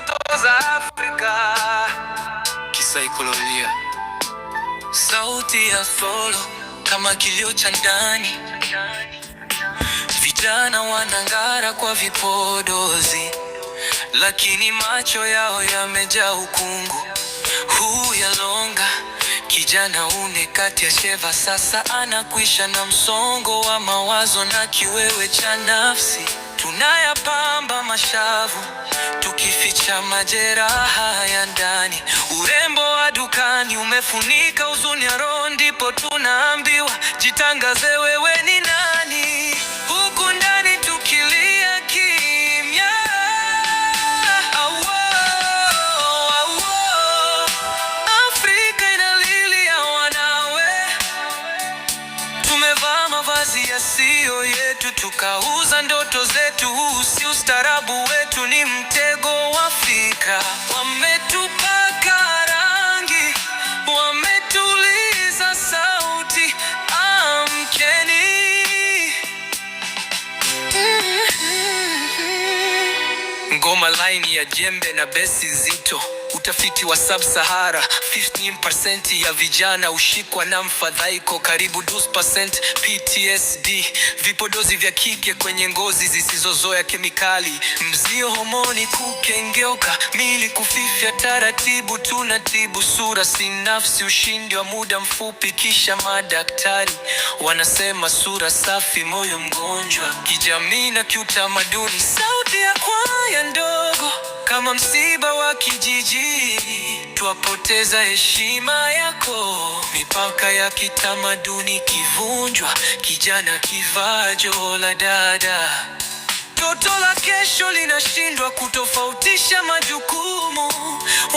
ndoto za kisaikolojia. Sauti ya solo kama kilio cha ndani, vijana wanang'ara kwa vipodozi, lakini macho yao yamejaa ukungu. Huu yalonga kijana une kati ya sheva, sasa anakwisha na msongo wa mawazo na kiwewe cha nafsi, tunayapamba mashavu kuficha majeraha ya ndani. Urembo wa dukani umefunika huzuni ya roho, ndipo tunaambiwa jitangaze, wewe ni nani? Huku ndani tukilia kimya, Afrika inalilia wanawe. Tumevaa mavazi yasiyo yetu, tukauza ndoto zetu. Huu si ustaarabu wetu, ni ngoma line ya jembe na besi nzito Utafiti wa Sub-Sahara, 15% ya vijana hushikwa na mfadhaiko, karibu 2% PTSD, vipodozi vya kike kwenye ngozi zisizozoea kemikali, mzio, homoni kukengeuka, mili kufifia taratibu. Tunatibu sura, si nafsi. Ushindi wa muda mfupi, kisha madaktari wanasema sura safi, moyo mgonjwa. Kijamii na kiutamaduni, sauti ya kwaya ndogo kama msiba wa kijiji, twapoteza heshima yako. Mipaka ya kitamaduni kivunjwa, kijana kivaa joho la dada. Toto la kesho linashindwa kutofautisha majukumu.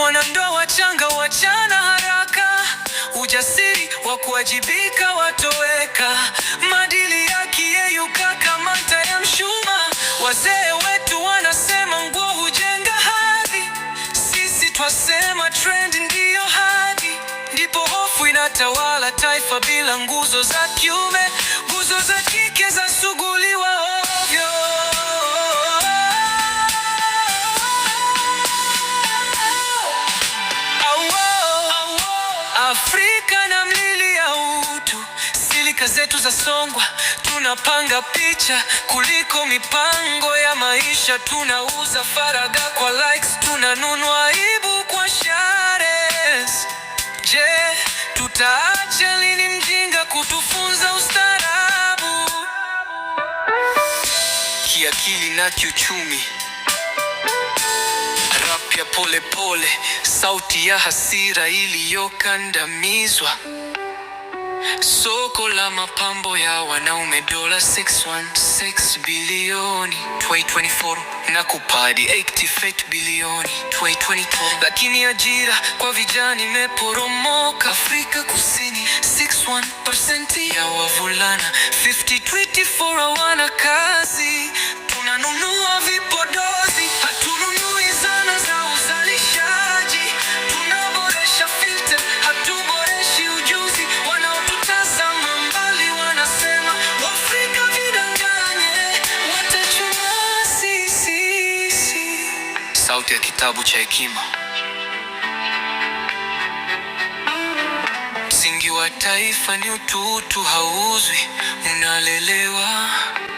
Wanandoa wachanga wachana haraka, ujasiri wa kuwajibika watoweka. Madili yakiyeyuka kama taa ya mshuma, wazee linatawala taifa bila nguzo za kiume, nguzo za kike za suguliwa ovyo. Afrika na mlili ya utu, silika zetu za songwa, tunapanga picha kuliko mipango ya maisha, tunauza faraga kwa likes, tunanunua aibu kwa shares. Je, Utaacha lini mjinga kutufunza ustarabu kiakili na kiuchumi? Rap ya polepole, sauti ya hasira iliyokandamizwa, soko la mapambo ya wanaume dola 616 bilioni 2024 na kupadi 88 bilioni 2024, lakini ajira kwa vijana imeporomoka. Sitwiti fora wanakazi, tunanunua vipodozi, hatununui zana za uzalishaji. Tunaboresha filter, hatuboreshi ujuzi. Wanaotutazama mbali wanasema Waafrika vidanganye, watachuna sisi. Sauti ya kitabu cha hekima. wa taifa ni ututu, hauzwi, unalelewa